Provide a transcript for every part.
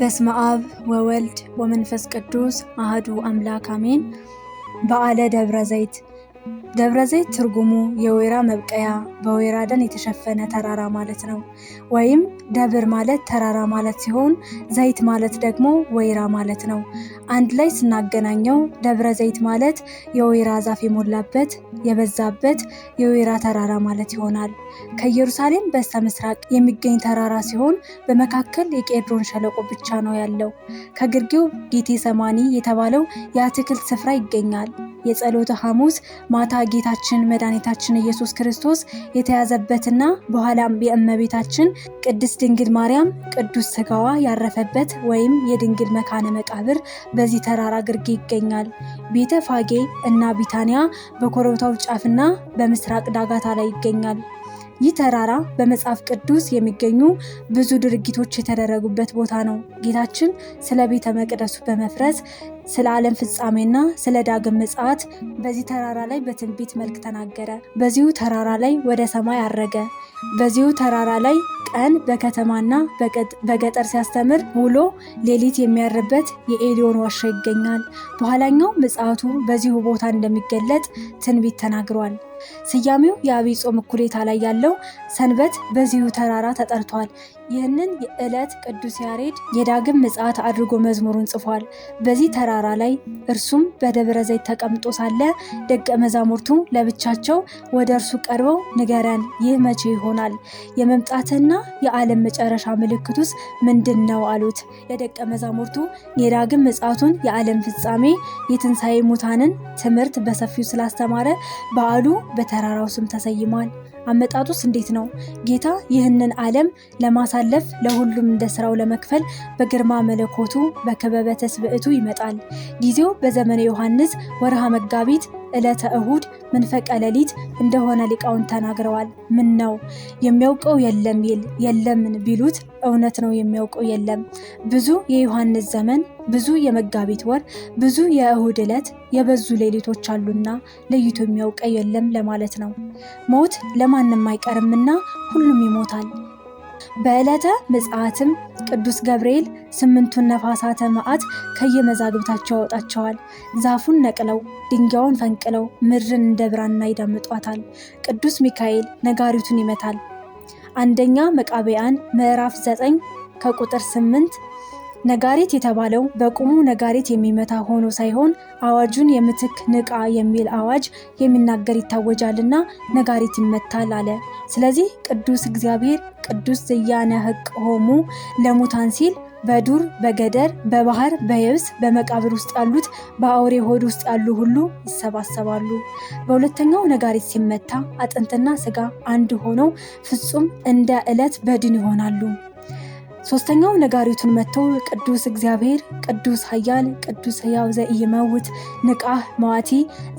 በስመ አብ ወወልድ ወመንፈስ ቅዱስ አህዱ አምላክ አሜን። በዓለ ደብረ ዘይት ደብረ ዘይት ትርጉሙ የወይራ መብቀያ በወይራ ደን የተሸፈነ ተራራ ማለት ነው። ወይም ደብር ማለት ተራራ ማለት ሲሆን ዘይት ማለት ደግሞ ወይራ ማለት ነው። አንድ ላይ ስናገናኘው ደብረ ዘይት ማለት የወይራ ዛፍ የሞላበት የበዛበት የወይራ ተራራ ማለት ይሆናል። ከኢየሩሳሌም በስተ ምስራቅ የሚገኝ ተራራ ሲሆን በመካከል የቄድሮን ሸለቆ ብቻ ነው ያለው። ከግርጌው ጌቴ ሰማኒ የተባለው የአትክልት ስፍራ ይገኛል። የጸሎተ ሐሙስ ማታ ጌታችን መድኃኒታችን ኢየሱስ ክርስቶስ የተያዘበትና በኋላም የእመቤታችን ቅድስት ድንግል ማርያም ቅዱስ ስጋዋ ያረፈበት ወይም የድንግል መካነ መቃብር በዚህ ተራራ ግርጌ ይገኛል። ቤተ ፋጌ እና ቢታንያ በኮረብታው ጫፍና በምስራቅ ዳጋታ ላይ ይገኛል። ይህ ተራራ በመጽሐፍ ቅዱስ የሚገኙ ብዙ ድርጊቶች የተደረጉበት ቦታ ነው። ጌታችን ስለ ቤተ መቅደሱ በመፍረስ ስለ ዓለም ፍጻሜና ስለ ዳግም ምጽአት በዚህ ተራራ ላይ በትንቢት መልክ ተናገረ። በዚሁ ተራራ ላይ ወደ ሰማይ አረገ። በዚሁ ተራራ ላይ ቀን በከተማና በገጠር ሲያስተምር ውሎ ሌሊት የሚያርበት የኤሊዮን ዋሻ ይገኛል። በኋላኛው ምጽአቱ በዚሁ ቦታ እንደሚገለጥ ትንቢት ተናግሯል። ስያሜው የአብይ ጾም እኩሌታ ላይ ያለው ሰንበት በዚሁ ተራራ ተጠርቷል። ይህንን ዕለት ቅዱስ ያሬድ የዳግም ምጽአት አድርጎ መዝሙሩን ጽፏል። በዚህ ተራራ ላይ እርሱም በደብረ ዘይት ተቀምጦ ሳለ ደቀ መዛሙርቱ ለብቻቸው ወደ እርሱ ቀርበው ንገረን፣ ይህ መቼ ይሆናል? የመምጣትና የዓለም መጨረሻ ምልክቱስ ምንድን ነው አሉት። የደቀ መዛሙርቱ የዳግም ምጽአቱን፣ የዓለም ፍጻሜ፣ የትንሣኤ ሙታንን ትምህርት በሰፊው ስላስተማረ በዓሉ በተራራው ስም ተሰይሟል። አመጣጡስ እንዴት ነው? ጌታ ይህንን ዓለም ለማሳለፍ ለሁሉም እንደ ስራው ለመክፈል በግርማ መለኮቱ በክበበ ተስብእቱ ይመጣል። ጊዜው በዘመነ ዮሐንስ ወርሃ መጋቢት ዕለተ እሁድ መንፈቀ ሌሊት እንደሆነ ሊቃውን ተናግረዋል። ምን ነው የሚያውቀው የለም ይል የለምን ቢሉት እውነት ነው የሚያውቀው የለም። ብዙ የዮሐንስ ዘመን፣ ብዙ የመጋቢት ወር፣ ብዙ የእሁድ ዕለት የበዙ ሌሊቶች አሉና ለይቶ የሚያውቀ የለም ለማለት ነው። ሞት ለማ ማንም አይቀርምና ሁሉም ይሞታል። በዕለተ ምጽአትም ቅዱስ ገብርኤል ስምንቱን ነፋሳተ መዓት ከየመዛግብታቸው ያወጣቸዋል። ዛፉን ነቅለው ድንጋዩን ፈንቅለው ምድርን እንደ ብራና ይዳምጧታል። ቅዱስ ሚካኤል ነጋሪቱን ይመታል። አንደኛ መቃብያን ምዕራፍ 9 ከቁጥር 8 ነጋሪት የተባለው በቁሙ ነጋሪት የሚመታ ሆኖ ሳይሆን አዋጁን የምትክ ንቃ የሚል አዋጅ የሚናገር ይታወጃልና ነጋሪት ይመታል አለ። ስለዚህ ቅዱስ እግዚአብሔር ቅዱስ ዘያነ ህቅ ሆሙ ለሙታን ሲል በዱር በገደር በባህር በየብስ በመቃብር ውስጥ ያሉት በአውሬ ሆድ ውስጥ ያሉ ሁሉ ይሰባሰባሉ። በሁለተኛው ነጋሪት ሲመታ አጥንትና ስጋ አንድ ሆነው ፍጹም እንደ ዕለት በድን ይሆናሉ። ሶስተኛው ነጋሪቱን መጥቶ ቅዱስ እግዚአብሔር ቅዱስ ኃያል ቅዱስ ሕያው ዘኢይመውት ንቃህ መዋቲ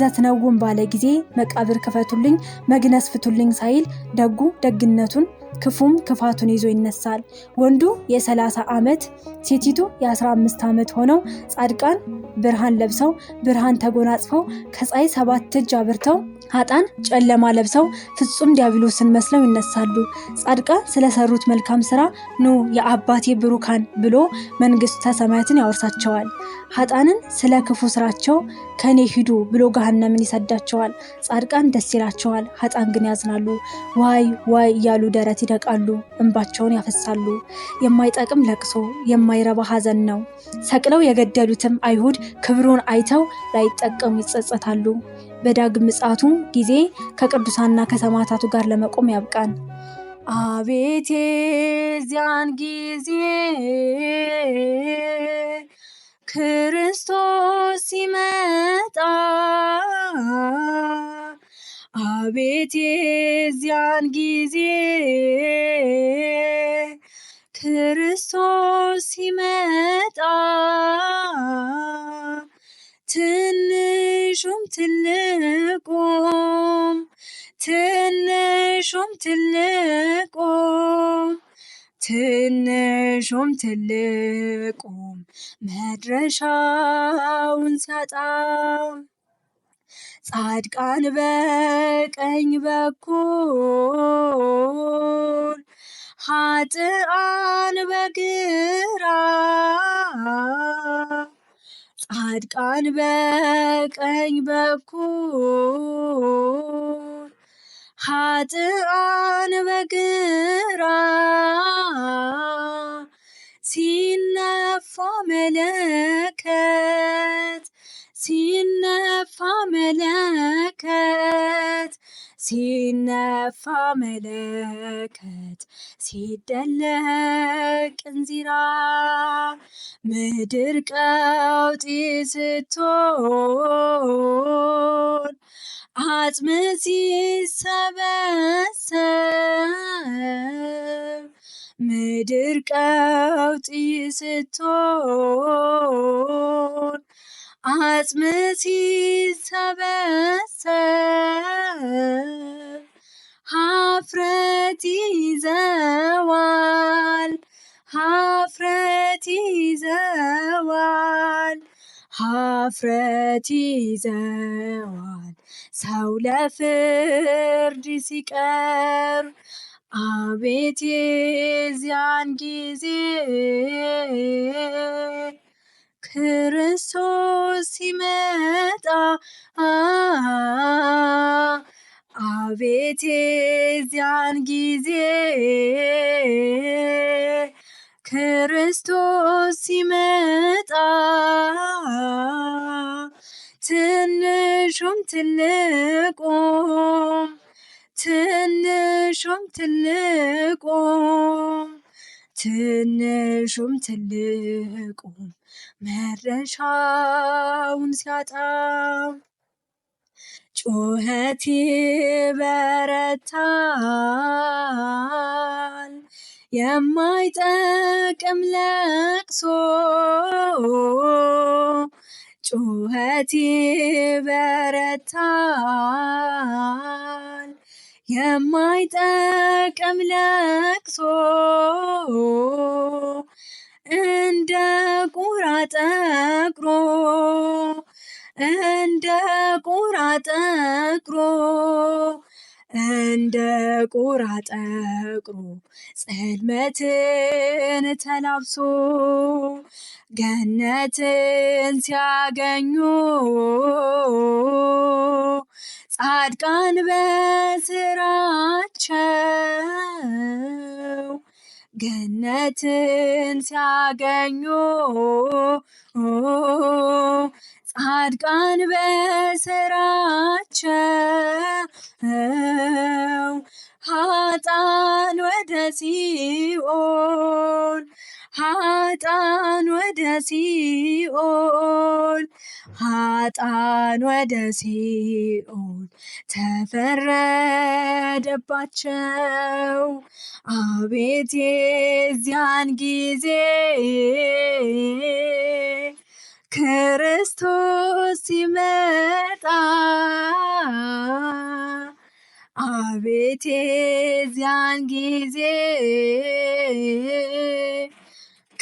ዘትነውን ባለ ጊዜ መቃብር ክፈቱልኝ መግነስ ፍቱልኝ ሳይል ደጉ ደግነቱን ክፉም ክፋቱን ይዞ ይነሳል። ወንዱ የ30 ዓመት ሴቲቱ የ15 ዓመት ሆነው ጻድቃን ብርሃን ለብሰው ብርሃን ተጎናጽፈው ከፀሐይ ሰባት እጅ አብርተው ሀጣን ጨለማ ለብሰው ፍጹም ዲያብሎስን መስለው ይነሳሉ። ጻድቃን ስለሰሩት መልካም ስራ ኑ የአባቴ ብሩካን ብሎ መንግሥተ ሰማያትን ያወርሳቸዋል። ሀጣንን ስለ ክፉ ስራቸው ከኔ ሂዱ ብሎ ገሃነምን ይሰዳቸዋል። ጻድቃን ደስ ይላቸዋል፣ ሀጣን ግን ያዝናሉ። ዋይ ዋይ እያሉ ደረት ይደቃሉ፣ እንባቸውን ያፈሳሉ። የማይጠቅም ለቅሶ፣ የማይረባ ሀዘን ነው። ሰቅለው የገደሉትም አይሁድ ክብሩን አይተው ላይጠቀሙ ይጸጸታሉ። በዳግም ምጽአቱ ጊዜ ከቅዱሳንና ከሰማዕታቱ ጋር ለመቆም ያብቃን። አቤቴ ዚያን ጊዜ ክርስቶስ ሲመጣ፣ አቤቴ ዚያን ጊዜ ክርስቶስ ሲመጣ ትንሹም ትልቁም ትንሹም ትልቁም ትንሹም ትልቁም መድረሻውን ሲያጣ ጻድቃን በቀኝ በኩል ኃጥአን በግራ ጻድቃን በቀኝ በኩል ኃጥአን በግራ ሲነፋ መለከት ሲነፋ መለከት ሲደለቅ እንዚራ ምድር ቀውጢ ስትሆን አጽም ሲሰበሰብ ምድር ቀውጢ ስትሆን አጽም ሲሰበሰብ ኀፍረት ይዘዋል ሰው ለፍርድ ሲቀር! አቤት የዚያን ጊዜ ክርስቶስ ሲመጣ አቤት የዚያን ጊዜ ክርስቶስ ሲመጣ ትንሹም ትልቁም ትንሹም ትልቁም ትንሹም ትልቁም መድረሻውን ሲያጣ ጩኸት ይበረታል። የማይጠቅም ለቅሶ ጩኸት ይበረታል። የማይጠቅም ለቅሶ እንደ ቁራ ጠቅሮ እንደ ቁራ ጠቅሮ እንደ ቁራ ጠቁሮ ጸልመትን ተላብሶ ገነትን ሲያገኙ ጻድቃን በስራቸው ገነትን ሲያገኙ ጻድቃን በስራቸው ሀጣን ወደ ሲኦል ሀጣን ወደ ሲኦል ሀጣን ወደ ሲኦል ተፈረደባቸው። አቤት የዚያን ጊዜ ክርስቶስ ሲመጣ አቤቴ ዚያን ጊዜ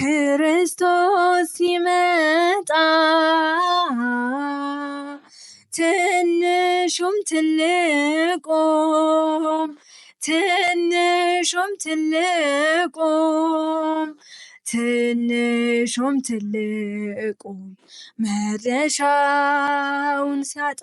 ክርስቶስ ሲመጣ ትንሹም ትልቁም ትንሹም ትልቁም ትንሹም ትልቁም መድረሻውን ሲያጣ